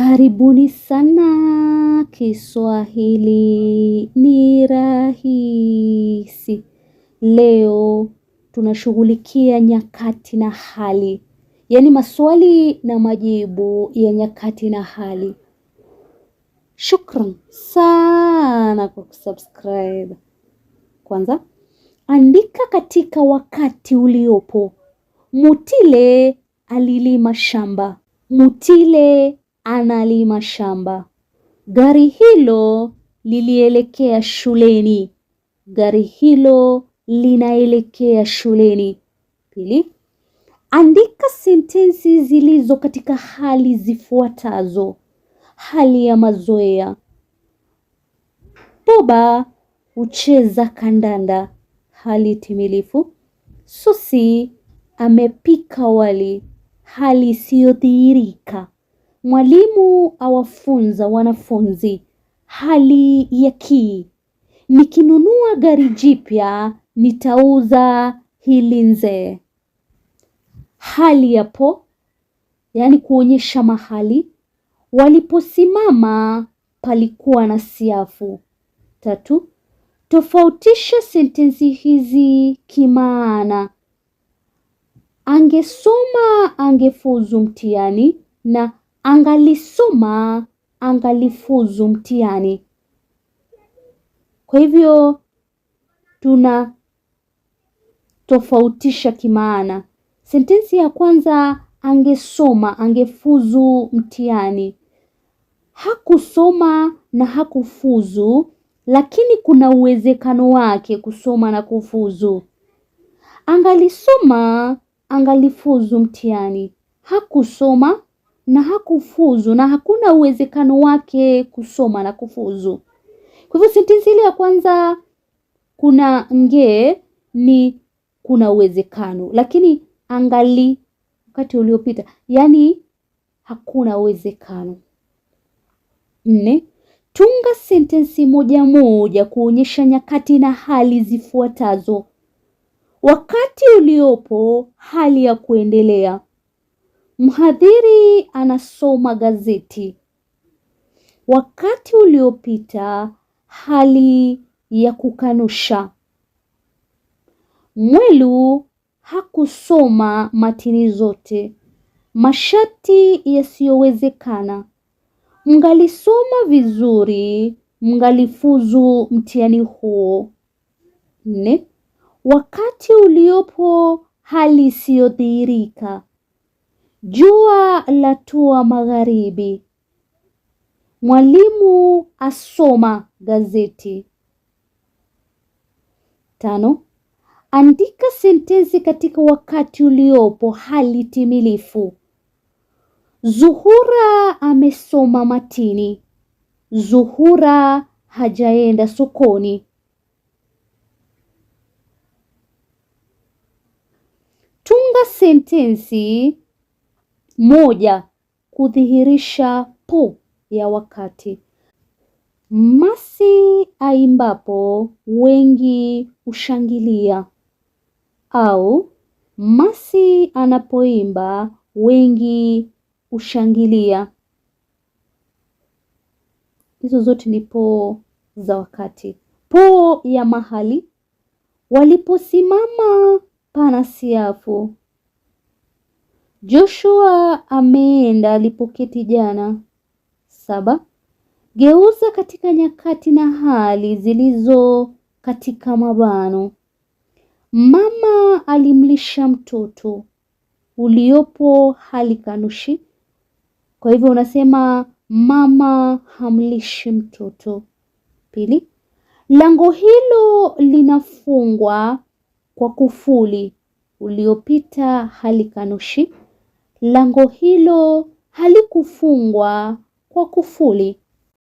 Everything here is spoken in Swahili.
Karibuni sana. Kiswahili ni rahisi. Leo tunashughulikia nyakati na hali, yaani maswali na majibu ya nyakati na hali. Shukran sana kwa kusubscribe. Kwanza andika katika wakati uliopo. Mutile alilima shamba. Mutile analima shamba. Gari hilo lilielekea shuleni. Gari hilo linaelekea shuleni. Pili, andika sentensi zilizo katika hali zifuatazo. Hali ya mazoea: Boba hucheza kandanda. Hali timilifu: Susi amepika wali. Hali isiyodhihirika. Mwalimu awafunza wanafunzi hali ya kii. Nikinunua gari jipya nitauza hili nzee. Hali yapo yaani kuonyesha mahali. Waliposimama palikuwa na siafu. Tatu, tofautisha sentensi hizi kimaana. Angesoma angefuzu mtihani na angalisoma angalifuzu mtihani. Kwa hivyo tuna tofautisha kimaana. Sentensi ya kwanza angesoma angefuzu mtihani. Hakusoma na hakufuzu, lakini kuna uwezekano wake kusoma na kufuzu. Angalisoma angalifuzu mtihani. Hakusoma na hakufuzu na hakuna uwezekano wake kusoma na kufuzu. Kwa hivyo sentensi ile ya kwanza kuna nge ni kuna uwezekano, lakini angali wakati uliopita, yaani hakuna uwezekano. Nne, tunga sentensi moja moja kuonyesha nyakati na hali zifuatazo: wakati uliopo, hali ya kuendelea, Mhadhiri anasoma gazeti. Wakati uliopita, hali ya kukanusha. Mwelu hakusoma matini zote. Masharti yasiyowezekana. Mngalisoma vizuri, mngalifuzu mtihani huo. Nne, wakati uliopo hali isiyodhihirika. Jua la tua magharibi. Mwalimu asoma gazeti. Tano, andika sentensi katika wakati uliopo hali timilifu. Zuhura amesoma matini. Zuhura hajaenda sokoni. Tunga sentensi moja, kudhihirisha po ya wakati. Masi aimbapo wengi hushangilia, au masi anapoimba wengi hushangilia. Hizo zote ni po za wakati. Po ya mahali, waliposimama pana siafu Joshua ameenda alipoketi jana. saba. Geuza katika nyakati na hali zilizo katika mabano. Mama alimlisha mtoto uliopo hali kanushi. Kwa hivyo unasema mama hamlishi mtoto. Pili, lango hilo linafungwa kwa kufuli uliopita hali kanushi. Lango hilo halikufungwa kwa kufuli.